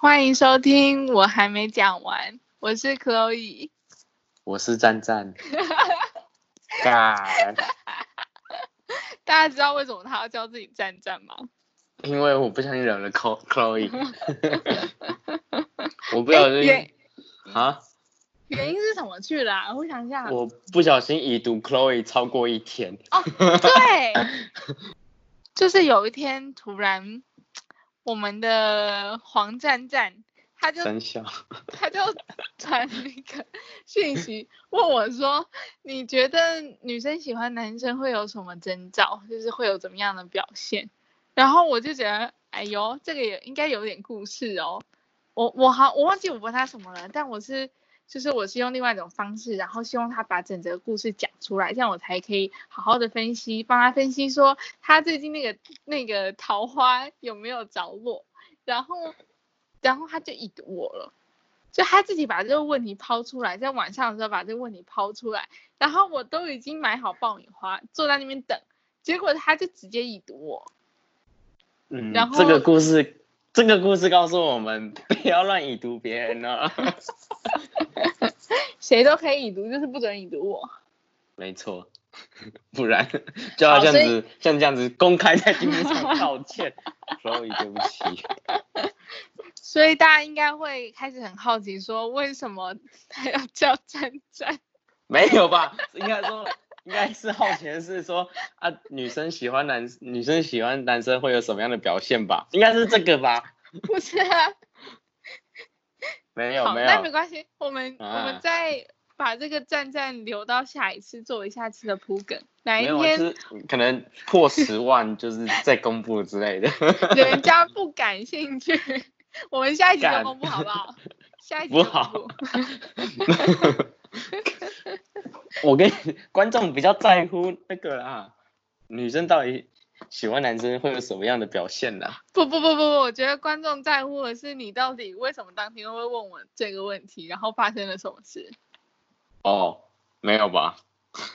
歡迎收聽，我還沒講完，我是 Chloe，我是戰戰。 God . 大家知道為什麼他要叫自己戰戰嗎？因為我不想惹了、Clo、Chloe。 Hey, 我不要惹你啊！Yeah. 原因是什麼去了啊？我想一下。我不小心已讀 Chloe 超過一天。哦，對， 就是有一天突然，我們的黃湛湛他就小他就傳了一個訊息問我說， 你覺得女生喜歡男生會有什麼徵兆？就是會有怎麼樣的表現？然後我就覺得，哎呦，這個也應該有點故事哦。我我好我忘記我問他什麼了，但我是。就是我是用另外一種方式，然後希望他把整個故事講出來，這樣我才可以好好的分析，幫他分析說他最近那個那個桃花有沒有着落，然後然後他就已讀我了，就他自己把這個問題拋出來，在晚上的時候把這個問題拋出來，然後我都已經買好爆米花坐在那邊等，結果他就直接已讀我，嗯，然後這個故事這個故事告訴我們不要亂已讀別人呢。 誰都可以已讀，就是不准已讀我。沒錯，呵呵，不然就要這樣子，像這樣子公開在鏡頭上道歉。所 以對不起。所以大家應該會開始很好奇，說為什麼他要叫戰戰？沒有吧？應該說，應該是好奇的是說啊，女生喜歡男女生喜歡男生會有什麼樣的表現吧？應該是這個吧？不是啊。沒有，沒有，那沒關係。我們、啊、我們再把這個贊贊留到下一次做一下次的鋪梗。哪一天可能破十萬，就是再公布之類的。 人家不感興趣， 我們下一集再公布好不好？ 下一集公布不好。 我跟你觀眾比較在乎那個啊，女生到底。喜歡男生會有什麼樣的表現呢、啊？不不不不不，我覺得觀眾在乎的是你到底為什麼當天會問我這個問題，然後發生了什麼事。哦，沒有吧？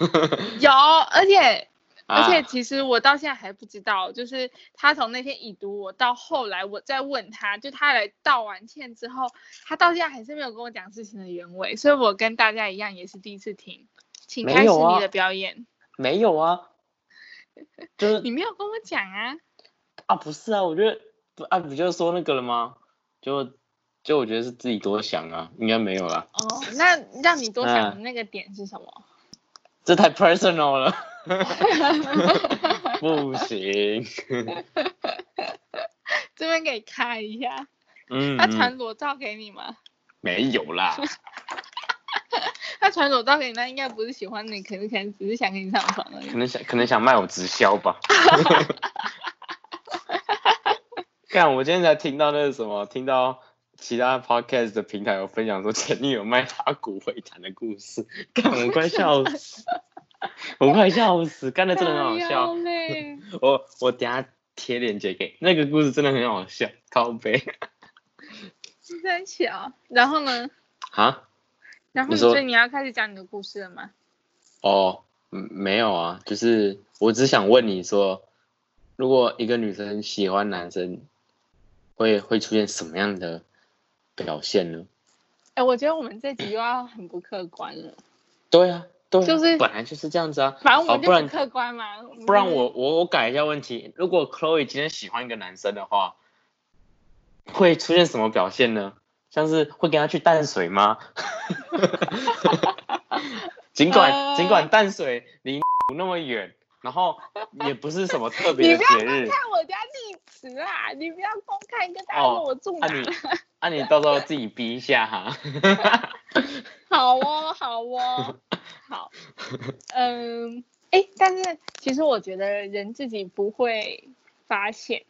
有，而且而且其實我到現在還不知道，啊，就是他從那天已讀我到後來我再問他，就他來道完歉之後，他到現在還是沒有跟我講事情的原委，所以我跟大家一樣也是第一次聽，請開始你的表演。沒有啊。就是你沒有跟我講啊，啊不是啊，我覺得，哎、啊、不就是說那個了嗎？就就我覺得是自己多想啊，應該沒有啦。哦，那讓你多想的那個點是什麼？啊、這太 personal 了，不行，這邊給開一下，嗯，嗯，他傳裸照給你嗎？沒有啦。 他傳裸照給你，那應該不是喜歡你，可能可能只是想跟你上床而已。可能想可能想賣我直銷吧。看， 我今天才聽到那個什麼，聽到其他 podcast 的平台有分享說前女友賣他骨灰壇的故事。看，我快笑死！ 我快笑死！剛才真的很好笑， 我我等下貼鏈接給。那個故事真的很好笑，靠杯。 真巧，然後呢？啊？然後，所以你要開始講你的故事了嗎？哦，沒有啊，就是我只想問你說，如果一個女生喜歡男生，會會出現什麼樣的表現呢？哎、欸，我覺得我們這集又要很不客觀了。對啊，對啊，就是本來就是這樣子啊，反正我們就不客觀嘛。啊不然嗯、不然我我我改一下問題，如果 Chloe 今天喜歡一個男生的話，會出現什麼表現呢？像是會跟他去淡水嗎？盡 管盡管淡水離不那麼遠，然後也不是什麼特別節日。你不要看我家麗池啊！你不要光看一個大陸，我住的。那、哦啊、你那、啊、你到時候自己逼一下、啊。哈 。好哦，好哦，好。嗯，哎、欸，但是其實我覺得人自己不會發現。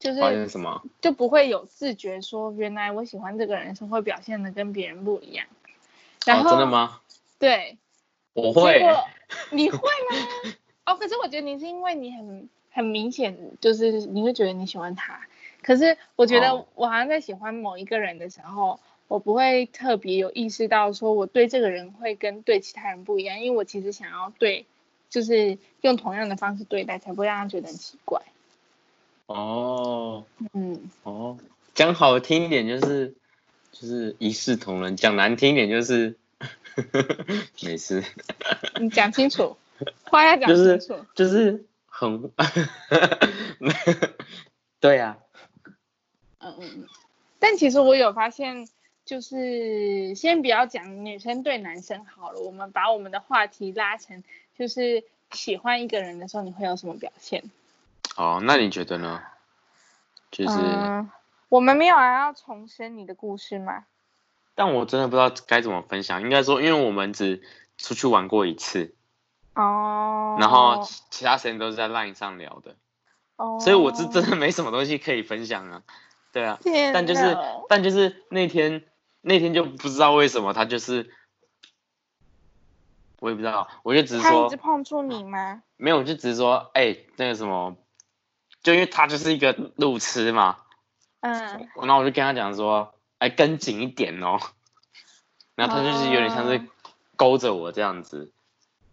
就是什麼就不會有自覺說，原來我喜歡這個人是會表現的跟別人不一樣，然後、哦、真的嗎？對，我會，你會嗎？ 哦，可是我覺得你是因為你很很明顯就是你會覺得你喜歡他，可是我覺得我好像在喜歡某一個人的時候，我不會特別有意識到說我對這個人會跟對其他人不一樣，因為我其實想要對就是用同樣的方式對待，才不會讓他覺得很奇怪。哦，嗯，哦，講好聽一點就是就是一視同仁，講難聽一點就是呵呵，沒事，你講清楚，呵呵話要講清楚，就是、就是、很， 對呀、啊，嗯嗯嗯，但其實我有發現，就是先不要講女生對男生好了，我們把我們的話題拉成就是喜歡一個人的時候，你會有什麼表現？哦，那你覺得呢？就是、嗯、我們沒有還要重申你的故事嗎？但我真的不知道該怎麼分享。應該說，因為我們只出去玩過一次，哦，然後其他時間都是在 LINE 上聊的，哦，所以我是真的沒什麼東西可以分享啊。對啊，但就是但就是那天那天就不知道為什麼他就是，我也不知道，我就只是說，他一直碰觸你嗎、嗯？沒有，我就只是說，哎、欸，那個什麼。就因為他就是一個路痴嘛，嗯，那我就跟他講說，哎、欸，跟緊一點哦，然後他就是有點像是勾着我這樣子，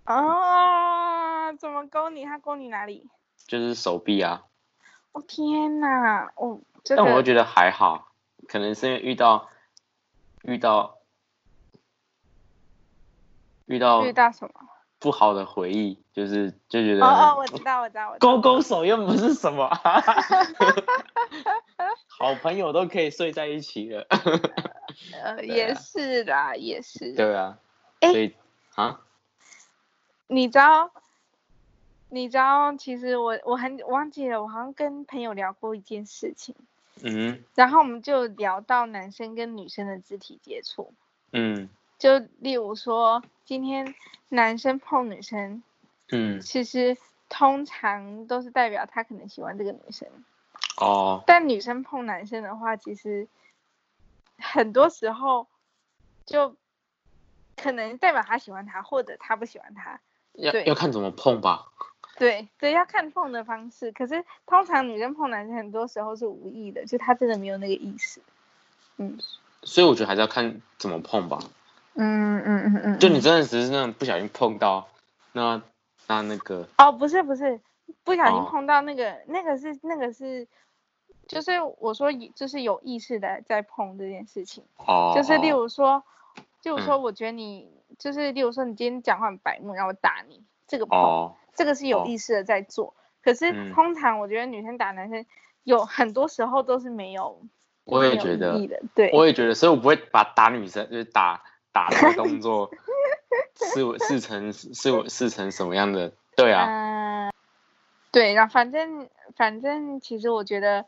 啊、嗯哦，怎麼勾你？他勾你哪裡？就是手臂啊。我、哦、天哪，我、哦、真的、但我會覺得還好，可能是因為遇到遇到遇到遇到什麼？不好的回憶，就是就覺得哦，哦、oh, oh，我知道，我知道，勾勾手又不是什麼， 好朋友都可以睡在一起了 呃，呃，也是啦，也是，對啊，欸、所以啊，你知道，你知道，其實我我很忘記了，我好像跟朋友聊過一件事情，嗯，然後我們就聊到男生跟女生的肢體接觸，嗯，就例如說。今天男生碰女生，嗯，其實通常都是代表他可能喜歡這個女生。哦。但女生碰男生的話，其實很多時候就可能代表他喜歡她，或者他不喜歡她。要要看怎麼碰吧。對對，要看碰的方式。可是通常女生碰男生，很多時候是無意的，就他真的沒有那個意思。嗯，所以我覺得還是要看怎麼碰吧。嗯嗯嗯嗯，就你真的是那種不小心碰到，那那那個哦不是不是，不小心碰到那個、哦、那個是那個是，就是我說就是有意識的在碰這件事情，哦，就是例如說，哦、就是說我覺得你、嗯、就是例如說你今天講話很白目，然後我打你這個碰、哦，這個是有意識的在做、哦，可是通常我覺得女生打男生有很多時候都是沒有，我也覺得，的對，我也覺得，所以我不會把打女生就是打。打的動作 是是成是是成什麼樣的？對啊，呃、對，然後反正反正，其實我覺得，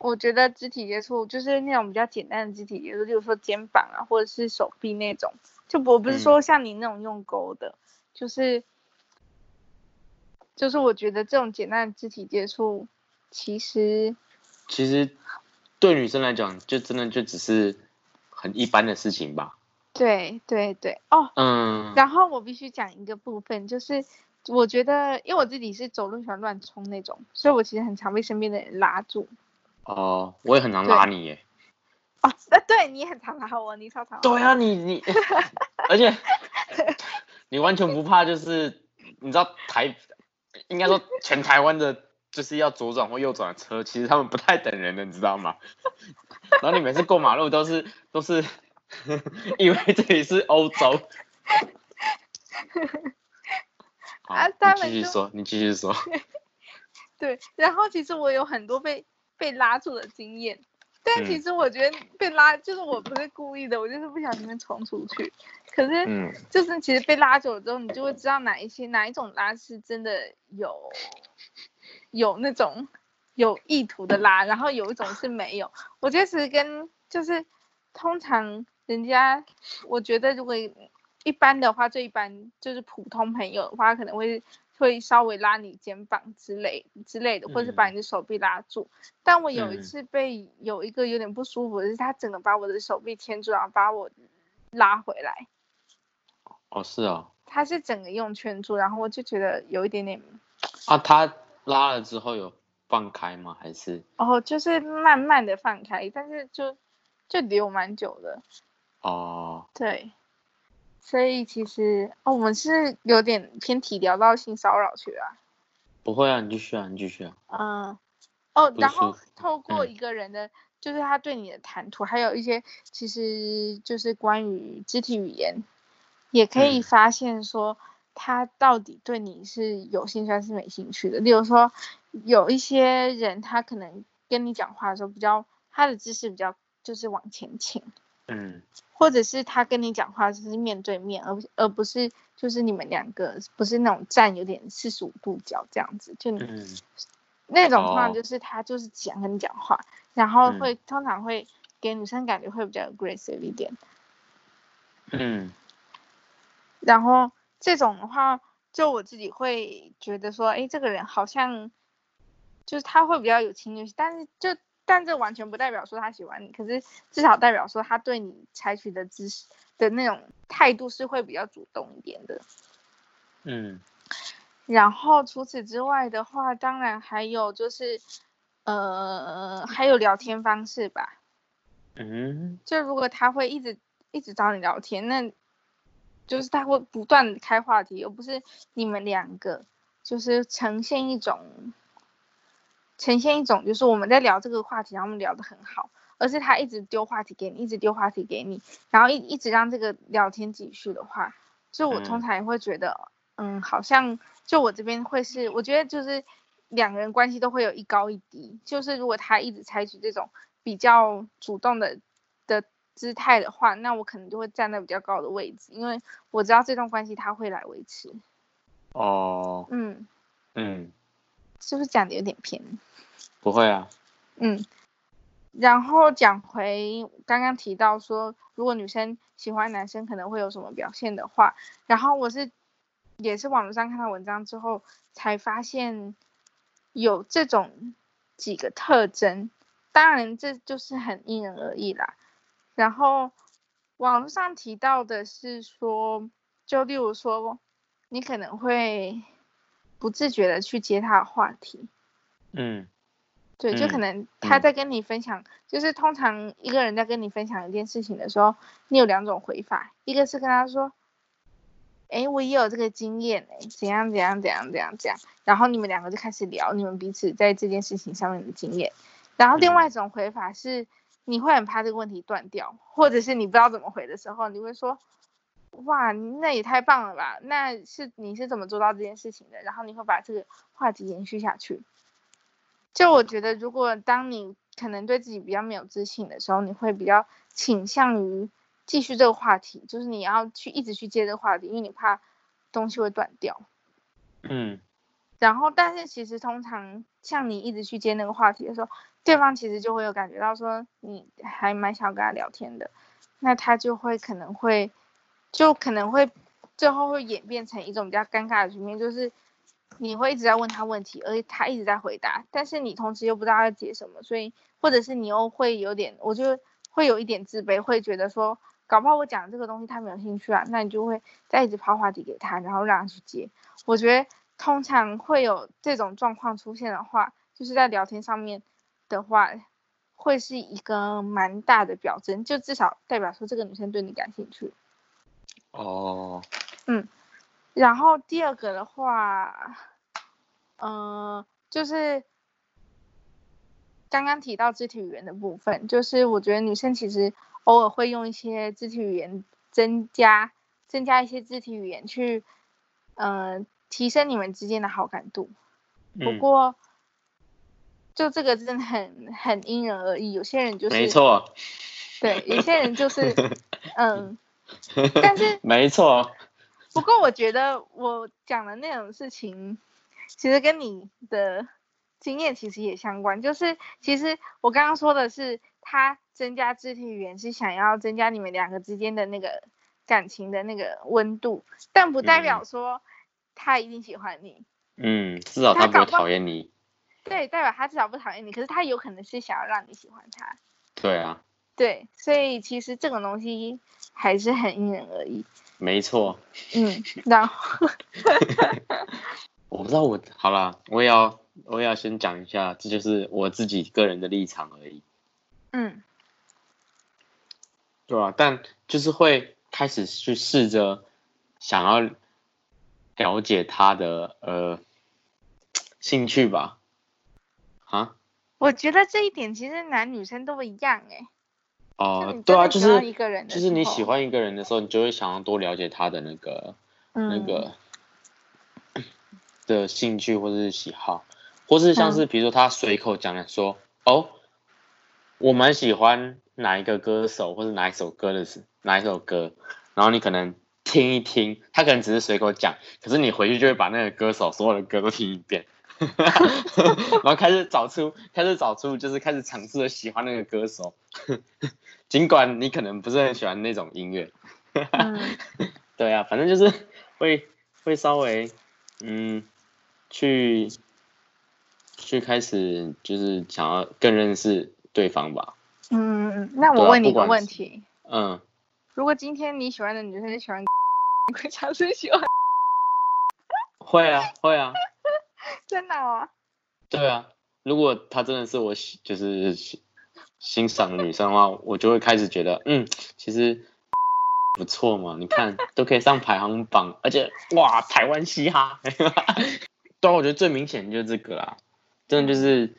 我覺得肢體接觸就是那種比較簡單的肢體接觸，就是說肩膀啊，或者是手臂那種。就不我不是說像你那種用勾的，嗯、就是就是我覺得這種簡單的肢體接觸，其實其實對女生來講，就真的就只是。很一般的事情吧。對對對，哦，oh, 嗯。然後我必須講一個部分，就是我覺得，因為我自己是走路喜歡亂衝那種，所以我其實很常被身邊的人拉住。哦、oh，我也很常拉你耶。哦，oh, 對，你也很常拉我，你超常。對啊，你你，而且 你完全不怕，就是你知道台，應該說全台灣的。就是要左轉或右轉的車，其實他們不太等人的，你知道嗎？然後你每次過馬路都是 都是因為這裡是歐洲 。啊，他們就你繼續說，你繼續說。對，然後其實我有很多被被拉住的經驗，但、嗯、其實我覺得被拉就是我不是故意的，我就是不小心衝出去。可是就是其實被拉走之後，你就會知道哪一些哪一種拉是真的有。有那種有意圖的拉，然後有一種是沒有。我覺得是跟就是通常人家，我覺得如果一般的話，最一般就是普通朋友的話，可能會會稍微拉你肩膀之類之類的，或者把你的手臂拉住。嗯嗯，但我有一次被有一個有點不舒服的是，是、嗯嗯、他整個把我的手臂牽住，然後把我拉回來。哦，是啊、哦。他是整個用圈住，然後我就覺得有一點點啊他。拉了之後有放開嗎？還是哦，oh, 就是慢慢的放開，但是就就留蠻久的。哦、oh.，對，所以其實哦，我們是有點偏題，聊到性騷擾去了、啊。不會啊，你繼續啊，你繼續啊。嗯，哦，然後透過一個人的，嗯、就是他對你的談吐，還有一些其實就是關於肢體語言，也可以發現說。嗯他到底對你是有興趣還是沒興趣的？例如說，有一些人他可能跟你講話的時候，比較他的姿勢比較就是往前傾，嗯，或者是他跟你講話就是面對面，而不而不是就是你們兩個不是那種站有點四十五度角這樣子，就那種話就是他就是想跟你講話，嗯，然後會通常會給女生感覺會比較 aggressive 一點，嗯，嗯，然後。這種的話，就我自己會覺得說，哎，這個人好像，就是他會比較有侵略性，但是就但這完全不代表說他喜歡你，可是至少代表說他對你採取的姿勢的那種態度是會比較主動一點的。嗯。然後除此之外的話，當然還有就是，呃，還有聊天方式吧。嗯。就如果他會一直一直找你聊天，那。就是他會不斷的開話題，而不是你們兩個，就是呈現一種，呈現一種，就是我們在聊這個話題，然後我們聊得很好，而是他一直丟話題給你，一直丟話題給你，然後一一直讓這個聊天繼續的話，就我通常也會覺得嗯，嗯，好像就我這邊會是，我覺得就是兩個人關係都會有一高一低，就是如果他一直採取這種比較主動的姿態的話，那我可能就會站在比較高的位置，因為我知道這段關係他會來維持。哦，嗯，嗯，是不是講的有點偏？不會啊，嗯。然後講回剛剛提到說，如果女生喜歡男生可能會有什麼表現的話，然後我是也是網絡上看到文章之後才發現有這種幾個特徵，當然這就是很因人而異啦。然後網絡上提到的是說，就例如說，你可能會不自覺的去接他的話題，嗯，對，就可能他在跟你分享、嗯，就是通常一個人在跟你分享一件事情的時候，你有兩種回法，一個是跟他說，哎，我也有這個經驗誒怎,怎樣怎樣怎樣怎樣怎樣，然後你們兩個就開始聊你們彼此在這件事情上面的經驗，然後另外一種回法是。嗯你會很怕這個問題斷掉，或者是你不知道怎麼回的時候，你會說，哇，那也太棒了吧？那是你是怎麼做到這件事情的？然後你會把這個話題延續下去。就我覺得，如果當你可能對自己比較沒有自信的時候，你會比較傾向於繼續這個話題，就是你要去一直去接這個話題，因為你怕東西會斷掉。嗯。然後，但是其實通常像你一直去接那個話題的時候，對方其實就會有感覺到說你還蠻想跟他聊天的，那他就會可能會，就可能會最後會演變成一種比較尷尬的局面，就是你會一直在問他問題，而他一直在回答，但是你同時又不知道要接什麼，所以或者是你又會有點，我就會有一點自卑，會覺得說搞不好我講的這個東西他沒有興趣啊，那你就會再一直拋話題給他，然後讓他去接。我覺得。通常會有這種狀況出現的話，就是在聊天上面的話，會是一個蠻大的表徵，就至少代表說這個女生對你感興趣。哦、oh.，嗯，然後第二個的話，嗯、呃，就是剛剛提到肢體語言的部分，就是我覺得女生其實偶爾會用一些肢體語言增加，增加一些肢體語言去，嗯、呃。提升你們之間的好感度，不過，嗯、就這個真的很很因人而異。有些人就是沒錯，對，有些人就是 嗯，但是沒錯。不過我覺得我講的那種事情，其實跟你的經驗其實也相關。就是其實我剛剛說的是，他增加肢體語言是想要增加你們兩個之間的那個感情的那個溫度，但不代表說。嗯他一定喜歡你，嗯，至少他不會討厭你他他。對，代表他至少不討厭你，可是他有可能是想要讓你喜歡他。對啊。對，所以其實這個東西還是很因人而異。沒錯。嗯，然後、啊。 我不知道我好了，我也要我也要先講一下，這就是我自己個人的立場而已。嗯。對啊，但就是會開始去試着想要。了解他的呃興趣吧，啊？我覺得這一點其實男女生都不一樣誒、欸。哦、呃，對啊，就是就是你喜歡一個人的時候，你就會想要多了解他的那個、嗯、那個的興趣或者是喜好，或是像是比如說他隨口講的說、嗯，哦，我蠻喜歡哪一個歌手或者哪一首歌的是哪一首歌，然後你可能。聽一聽，他可能只是隨口講，可是你回去就會把那個歌手所有的歌都聽一遍， 然後開始找出， 開始找出，就是開始嘗試的喜歡那個歌手，盡 管你可能不是很喜歡那種音樂， 對啊，反正就是會會稍微嗯去去開始就是想要更認識對方吧。嗯，那我問你個問題， 嗯，如果今天你喜歡的女生你喜歡。會產生喜歡？會啊，會啊。在哪啊？對啊，如果她真的是我喜，就是欣賞的女生的話，我就會開始覺得，嗯，其實不錯嘛。你看都可以上排行榜，而且哇，台灣嘻哈。 對啊，我覺得最明顯就是這個啦。真的就是，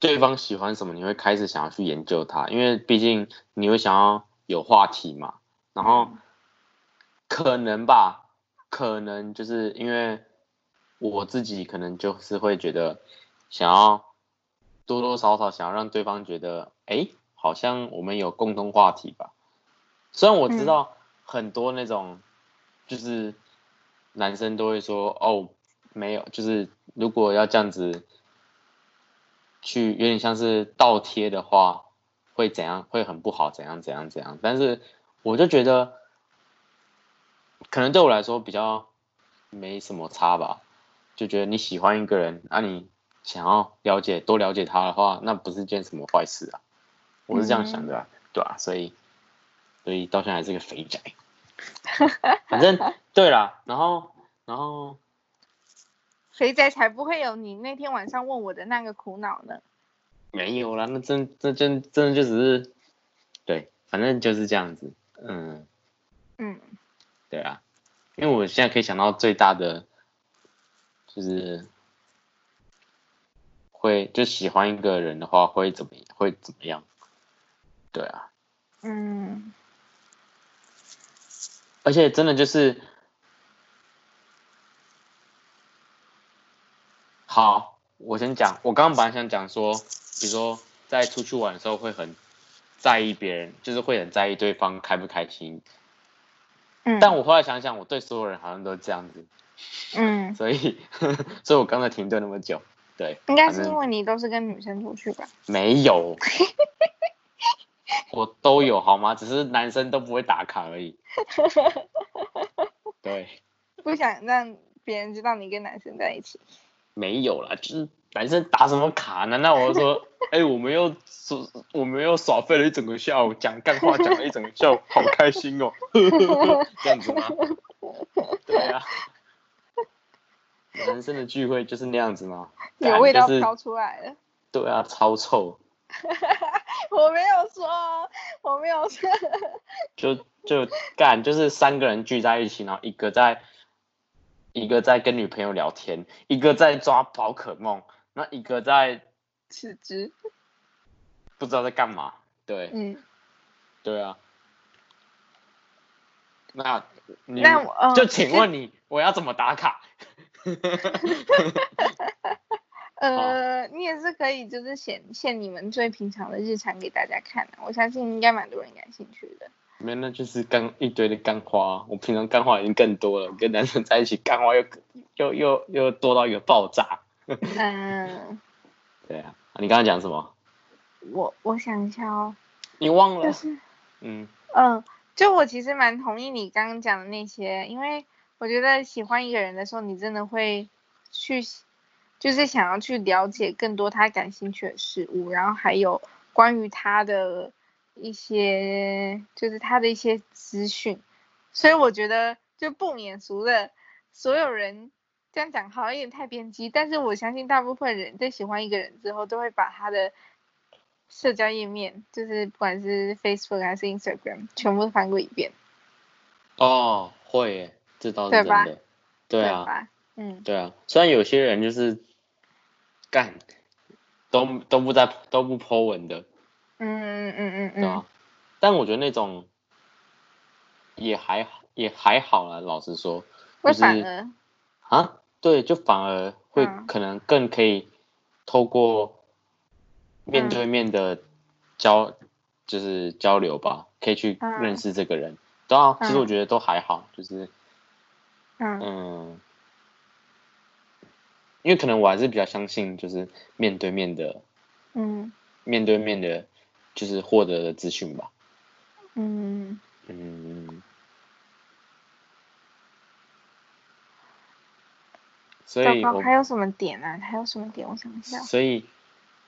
對方喜歡什麼，你會開始想要去研究他，因為畢竟你會想要有話題嘛。然後。可能吧，可能就是因為我自己可能就是會覺得想要多多少少想要讓對方覺得，誒、欸，好像我們有共同話題吧。雖然我知道很多那種就是男生都會說，嗯、哦，沒有，就是如果要這樣子去有點像是倒貼的話，會怎樣？會很不好，怎樣怎樣怎樣？但是我就覺得。可能對我來說比較沒什麼差吧，就覺得你喜歡一個人，那、啊、你想要了解多了解他的話，那不是件什麼壞事啊。我是這樣想的、啊嗯，對吧、啊？對，所以，所以到現在還是個肥宅。哈 哈反正對啦，然後然後，肥宅才不會有你那天晚上問我的那個苦惱呢。沒有啦，那真那真，真真的就只是，對，反正就是這樣子，嗯嗯。對啊，因為我現在可以想到最大的就是會就喜歡一個人的話會怎麼會怎麼樣？對啊，嗯，而且真的就是好，我先講，我剛剛本來想講說，比如說在出去玩的時候會很在意別人，就是會很在意對方開不開心。但我後來想想，我對所有人好像都這樣子，嗯，所以， 所以我剛才停頓那麼久，對，應該是因為你都是跟女生出去吧？沒有， 我都有好嗎？只是男生都不會打卡而已， 對，不想讓別人知道你跟男生在一起，沒有啦，只、就是。男生打什麼卡呢？難道我就說，哎、欸，我們又，我們又耍廢了一整個下午，講幹話講了一整個下午，好開心哦， 這樣子嗎？對啊，男生的聚會就是那樣子嗎？就是、有味道飄出來了。對啊，超臭。 我沒有說，我沒有說。就就幹，就是三個人聚在一起，然後一個在，一個在跟女朋友聊天，一個在抓寶可夢。那一個在辭職，不知道在幹嘛，對，嗯，對啊，那你那我就請問你，我要怎麼打卡？嗯、 呃，你也是可以，就是顯現你們最平常的日常給大家看的，啊，我相信應該蠻多人感興趣的。沒，那就是幹一堆的幹花，我平常幹花已經更多了，跟男生在一起幹花又又又又多到一個爆炸。 嗯，對啊，你剛剛講什麼？我我想一下哦。你忘了？就是、嗯嗯，就我其實蠻同意你剛剛講的那些，因為我覺得喜歡一個人的時候，你真的會去，就是想要去了解更多他感興趣的事物，然後還有關於他的一些，就是他的一些資訊。所以我覺得就不免俗的，所有人。這樣講好像有點太偏激，但是我相信大部分人在喜歡一個人之後，都會把他的社交頁面，就是不管是 Facebook 還是 Instagram，全部翻過一遍。哦，會，這倒是真的。對吧？對啊。對吧。嗯。對啊，雖然有些人就是干，都都不在，都不 po 文的。嗯嗯嗯嗯嗯。對啊。但我覺得那種也還也還好啦，老實說。為啥呢？啊，對，就反而會可能更可以透過面對面的交，嗯、就是交流吧，可以去認識這個人。都、對啊嗯，其實我覺得都還好，就是嗯，嗯，因為可能我還是比較相信就是面對面的，嗯，面對面的，就是獲得的資訊吧，嗯，嗯。所以還有什麼點呢？啊？還有什麼點？我想一下。所以，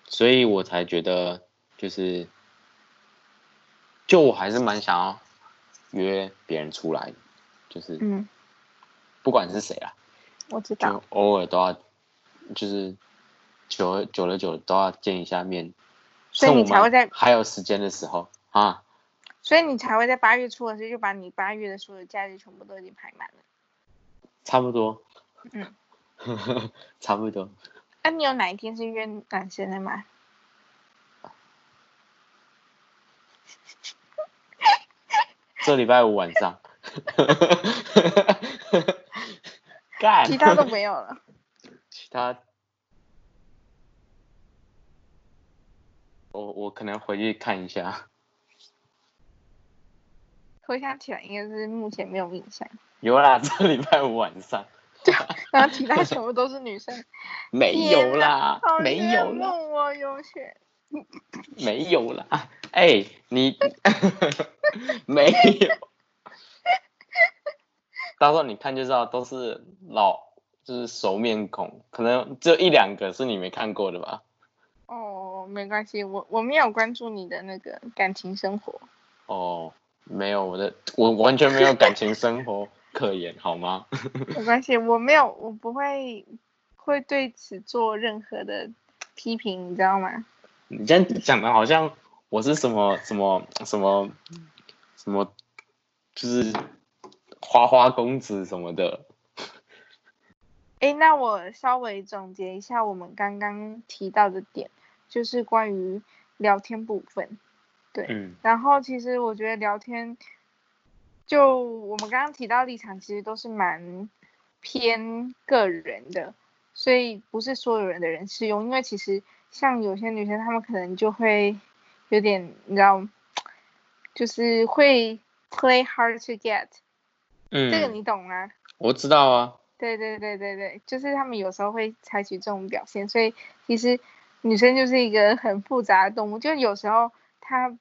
所以我才覺得，就是，就我還是蠻想要約別人出來，就是，嗯，不管是誰啊，我知道，偶爾都要，就是，久久了久了都要見一下面，所以你才會在還有時間的時候啊，所以你才會在八月初的時候就把你八月的所有假日全部都已經排滿了，差不多，嗯。 差不多。那、啊、你有哪一天是約男生的嗎？這禮拜五晚上。 其他都沒有了。其他，我我可能回去看一下。回想起來，應該是目前沒有印象。有啦，這禮拜五晚上。對， 然後其他全部都是女生，沒 有啦，沒有啦。我有選，沒有啦哎、欸，你 沒有，到時候你看就知道，都是老，就是熟面孔，可能只有一兩個是你沒看過的吧。哦，沒關係，我我沒有關注你的那個感情生活。哦，沒有，我的，我完全沒有感情生活， 可言好嗎？ 沒關係，我沒有，我不會會對此做任何的批評，你知道嗎？你這樣講的好像我是什麼什麼什麼什麼，就是花花公子什麼的。哎、欸，那我稍微總結一下我們剛剛提到的點，就是關於聊天部分，對、嗯，然後其實我覺得聊天。就我們剛剛提到立場，其實都是蠻偏個人的，所以不是所有人的人適用。因為其實像有些女生，她們可能就會有點，你知道，就是會 play hard to get。嗯，這個你懂嗎？我知道啊。對對對對對，就是她們有時候會採取這種表現，所以其實女生就是一個很複雜的動物，就有時候她。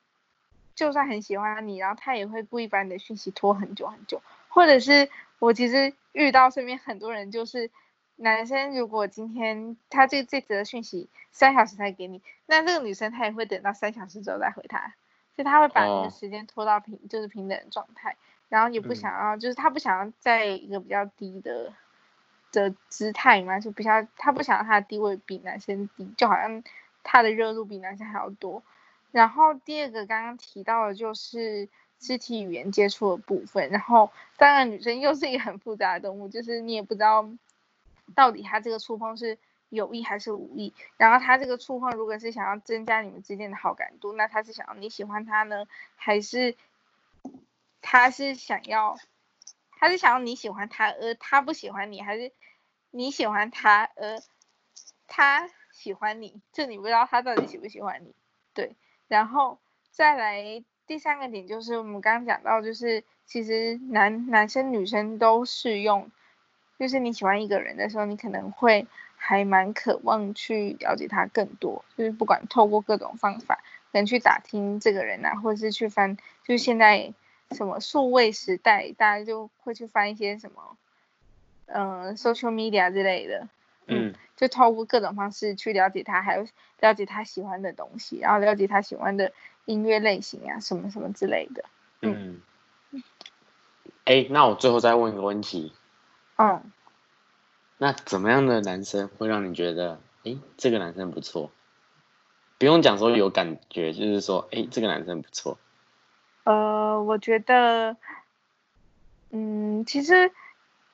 就算很喜歡你，然後他也會故意把你的訊息拖很久很久，或者是我其實遇到身邊很多人，就是男生如果今天他這這則訊息三小時才給你，那這個女生她也會等到三小時之後再回他，就他會把你的時間拖到平，啊、就是平等的狀態，然後也不想要，嗯、就是他不想要在一個比較低的的姿態嘛，就比較他不想讓他的地位比男生低，就好像他的熱度比男生還要多。然後第二個剛剛提到的就是肢體語言接觸的部分。然後當然，女生又是一個很複雜的動物，就是你也不知道到底她這個觸碰是有意還是無意。然後她這個觸碰如果是想要增加你們之間的好感度，那她是想要你喜歡她呢，還是她是想要她是想要你喜歡她，而她不喜歡你，還是你喜歡她，而她喜歡你？就你不知道她到底喜不喜歡你，對。然後再來第三個點就是我們剛剛講到，就是其實男男生女生都適用，就是你喜歡一個人的時候，你可能會還蠻渴望去了解他更多，就是不管透過各種方法，能去打聽這個人吶、啊，或者是去翻，就是現在什麼數位時代，大家就會去翻一些什麼，嗯、呃，social media 之類的，嗯。嗯就透過各種方式去了解他，還有了解他喜歡的東西，然後了解他喜歡的音樂類型啊，什麼什麼之類的。嗯，哎，嗯，欸，那我最後再問一個問題。嗯。那怎麼樣的男生會讓你覺得，哎、欸，這個男生不錯？不用講說有感覺，就是說，哎、欸，這個男生不錯。呃，我覺得，嗯，其實。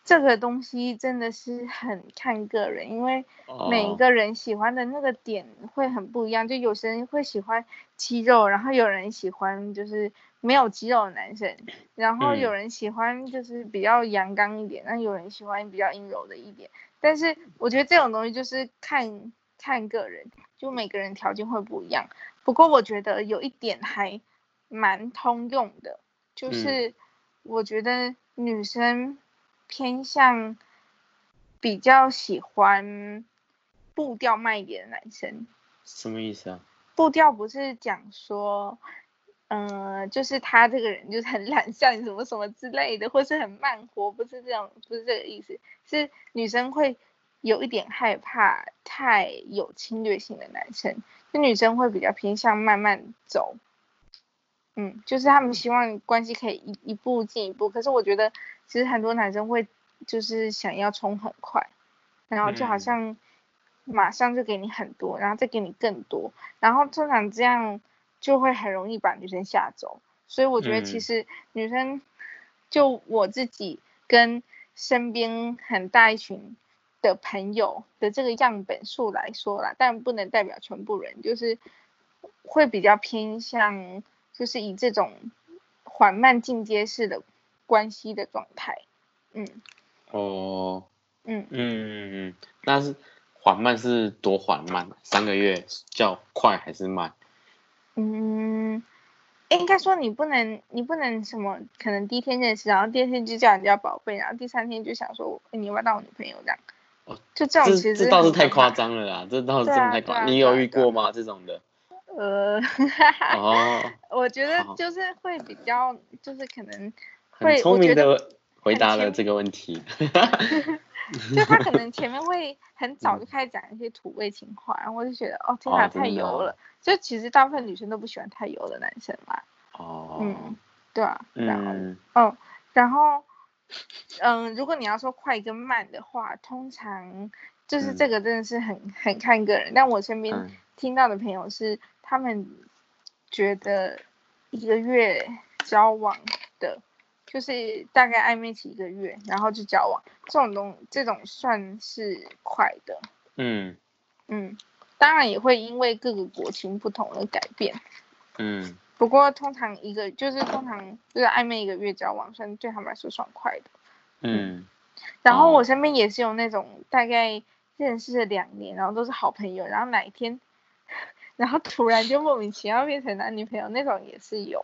這個東西真的是很看個人，因為每一個人喜歡的那個點會很不一樣。Oh. 就有些人會喜歡肌肉，然後有人喜歡就是沒有肌肉的男生，然後有人喜歡就是比較陽剛一點，那、mm. 有人喜歡比較陰柔的一點。但是我覺得這種東西就是看,看看看，看看個人，就每個人條件會不一樣。不過我覺得有一點還蠻通用的，就是我覺得女生。偏向比較喜歡步調慢一點的男生，什麼意思啊？步調不是講說，嗯、呃，就是他這個人就是很懶，像什麼什麼之類的，或是很慢活，不是這樣，不是這個意思。是女生會有一點害怕太有侵略性的男生，就女生會比較偏向慢慢走，嗯，就是他們希望關係可以一一步進一步。可是我覺得。其實很多男生會就是想要衝很快，然後就好像馬上就給你很多，然後再給你更多，然後通常這樣就會很容易把女生嚇走。所以我覺得其實女生，就我自己跟身邊很大一群的朋友的這個樣本數來說啦，但不能代表全部人，就是會比較偏向就是以這種緩慢進階式的。關係的狀態，嗯，哦，嗯嗯嗯，但是緩慢是多緩慢？三個月叫快還是慢？嗯，欸、應該說你不能，你不能什麼？可能第一天認識，然後第二天就叫人家寶貝，然後第三天就想說、欸、你不要當我女朋友這樣。這哦，就這樣其實這倒是太誇張了啦，這倒是真的太誇張、啊啊啊。你有遇過嗎？對對對這種的？呃， 哦，我覺得就是會比較，就是可能。很聰明的回答了這個問題， 就他可能前面會很早就開始講一些土味情話， 然後我就覺得哦，聽起來太油了，哦哦。就其實大部分女生都不喜歡太油的男生嘛。哦。嗯，對啊。然後，嗯，哦，然後，嗯，如果你要說快跟慢的話，通常就是這個真的是很，嗯，很看個人。但我身邊聽到的朋友是他們覺得一個月交往的。就是大概曖昧期一個月，然後就交往，這種東，這種算是快的。嗯嗯，當然也會因為各個國情不同而改變。嗯，不過通常一個就是通常就是曖昧一個月交往，算對他們來說算快的嗯。嗯，然後我身邊也是有那種、嗯、大概認識了兩年，然後都是好朋友，然後哪一天，然後突然就莫名其妙變成男女朋友 那種也是有。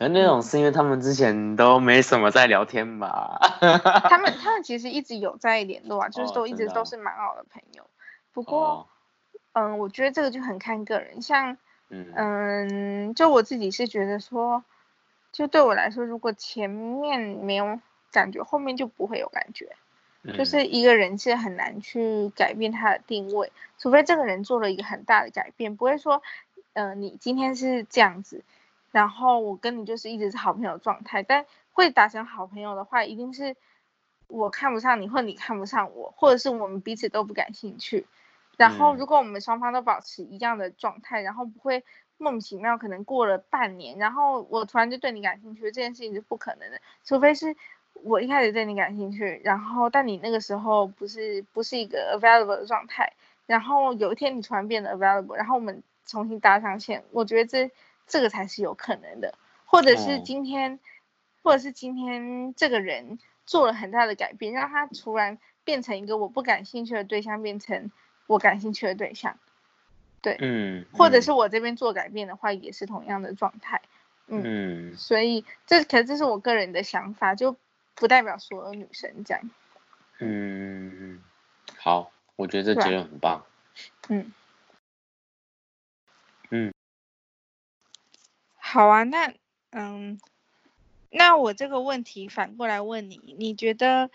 啊、那種是因為他們之前都沒什麼在聊天吧。 他們他們其實一直有在聯絡啊，就是都一直都是蠻好的朋友。哦哦、不過，嗯、哦呃，我覺得這個就很看個人。像，嗯、呃，就我自己是覺得說，就對我來說，如果前面沒有感覺，後面就不會有感覺、嗯。就是一個人是很難去改變他的定位，除非這個人做了一個很大的改變。不會說，嗯、呃，你今天是這樣子。然後我跟你就是一直是好朋友狀態，但會達成好朋友的話，一定是我看不上你，或你看不上我，或者是我們彼此都不感興趣。然後如果我們雙方都保持一樣的狀態，嗯、然後不會莫名其妙可能過了半年，然後我突然就對你感興趣，這件事情是不可能的。除非是我一開始對你感興趣，然後但你那個時候不是不是一個 available 的狀態，然後有一天你突然變得 available，然後我們重新搭上線，我覺得這。這個才是有可能的，或者是今天、哦，或者是今天這個人做了很大的改變，讓他突然變成一個我不感興趣的對象，變成我感興趣的對象，對，嗯，嗯，或者是我這邊做改變的話，也是同樣的狀態，嗯，嗯，所以這可能這是我個人的想法，就不代表所有女生這樣，嗯，嗯，好，我覺得這結論很棒，啊、嗯。好啊，那嗯，那我這個問題反過來問你，你覺得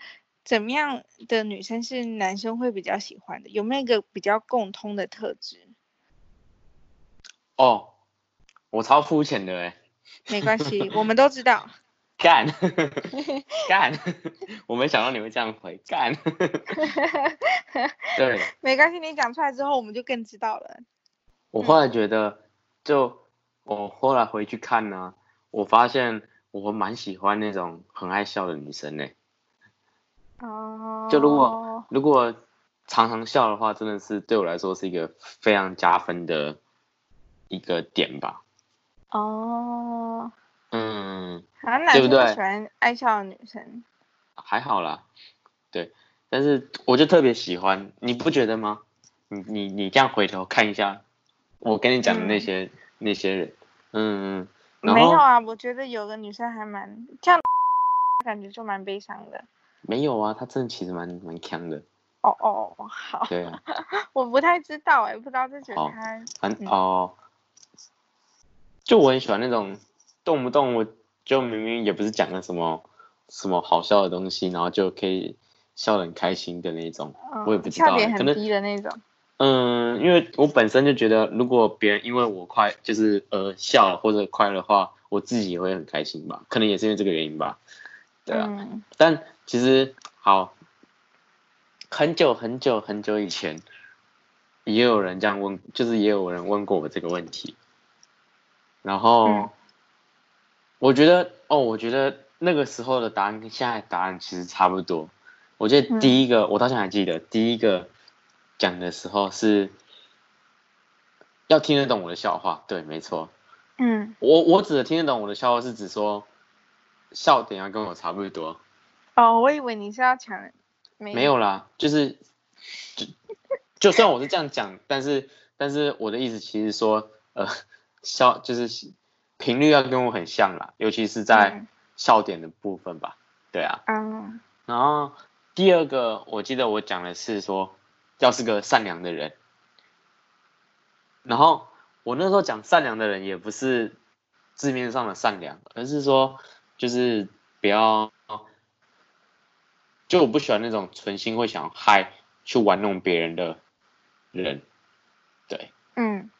怎麼樣的女生是男生會比較喜歡的？有沒有一個比較共通的特質？哦，我超膚淺的哎，沒關係， 我們都知道。幹， 幹， 我沒想到你會這樣回，幹。 對。沒關係，你講出來之後，我們就更知道了。我後來覺得，嗯、就。我後來回去看呢，我發現我蠻喜歡那種很愛笑的女生嘞、欸。哦、oh.。就如果如果常常笑的話，真的是對我來說是一個非常加分的一個點吧。哦、oh.。嗯。對不對？喜歡愛笑的女生。還好啦。對。但是我就特別喜歡，你不覺得嗎？你你你這樣回頭看一下，我跟你講的那些、嗯、那些人。嗯嗯，沒有啊，我覺得有個女生還蠻這樣，跳的的感覺就蠻悲傷的。沒有啊，她真的其實蠻蠻強的。哦哦哦，好。對啊。 我不太知道哎、欸，不知道這節拍。很哦、嗯嗯呃。就我很喜歡那種動不動我就明明也不是講了什麼什麼好笑的東西，然後就可以笑得很開心的那種、嗯。我也不知道、欸，低的可能。嗯，因為我本身就覺得，如果別人因為我快就是呃笑或者快樂的話，我自己也會很開心吧，可能也是因為這個原因吧，對啊。但其實好，很久很久很久以前，也有人這樣問，就是也有人問過我這個問題，然後、嗯、我覺得哦，我覺得那個時候的答案跟現在答案其實差不多。我覺得第一個，我到現在還記得、嗯、第一個。講的時候是要聽得懂我的笑話，對，沒錯。嗯，我我指的聽得懂我的笑話是指說，笑點要跟我差不多。哦，我以為你是要搶，沒有沒有啦，就是就就算我是這樣講， 但是但是我的意思其實說，呃，笑就是頻率要跟我很像啦，尤其是在笑點的部分吧。嗯、對啊。嗯。然後第二個，我記得我講的是說。要是個善良的人，然後我那時候講善良的人也不是字面上的善良，而是說就是不要，就我不喜歡那種存心會想害、去玩弄別人的人，對，嗯，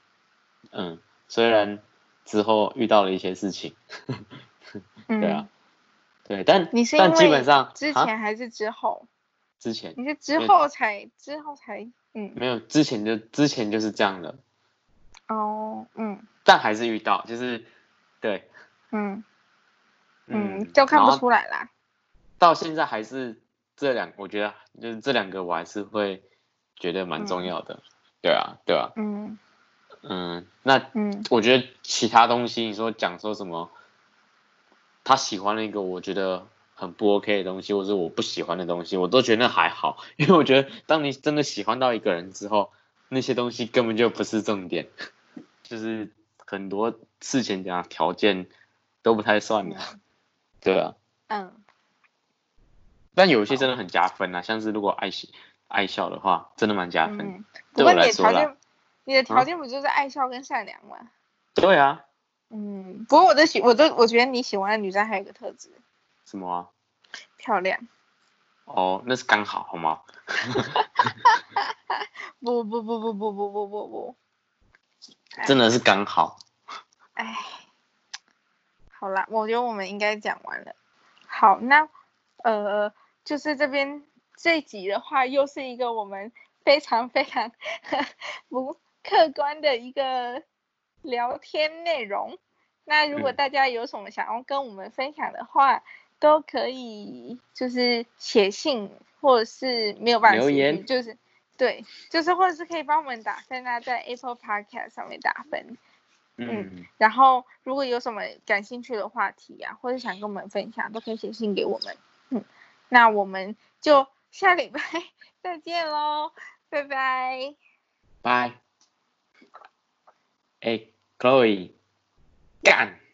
嗯，雖然之後遇到了一些事情，嗯、呵呵，對啊，對，但你基本上之前還是之後？之前，你是之後才？之後才，嗯，沒有，之前就，之前就是這樣的哦，嗯，但還是遇到就是，對，嗯，嗯，就看不出來啦。到現在還是這兩，我覺得就是這兩個我還是會覺得蠻重要的，嗯、對啊對啊，嗯，嗯，那，嗯，我覺得其他東西，你說講說什麼他喜歡那個我覺得。很不 OK 的東西，或是我不喜歡的東西，我都覺得那還好，因為我覺得當你真的喜歡到一個人之後，那些東西根本就不是重點，就是很多事情講條件都不太算的，對啊，嗯，但有一些真的很加分啊，像是如果愛喜愛笑的話，真的蠻加分的、嗯。不過你的條件、嗯，你的條件不就是愛笑跟善良嗎？對啊，嗯，不過我的喜我都我覺得你喜歡的女生還有一個特質。什麼啊？漂亮。哦、oh，那是剛好，好嗎？ 不不不不不不不不不，真的是剛好。哎，好啦，我覺得我們應該講完了。好，那呃，就是這邊這集的話，又是一個我們非常非常 不客觀的一個聊天內容。那如果大家有什麼想要跟我們分享的話，嗯都可以，就是寫信，或者是沒有辦法留言，就是對，就是或者是可以幫我們打分啊，在 Apple Podcast 上面打分，嗯，嗯，然後如果有什麼感興趣的話題啊，或者想跟我們分享，都可以寫信給我們，嗯，那我們就下禮拜再見嘍，拜拜，拜、欸，哎，Chloe 幹。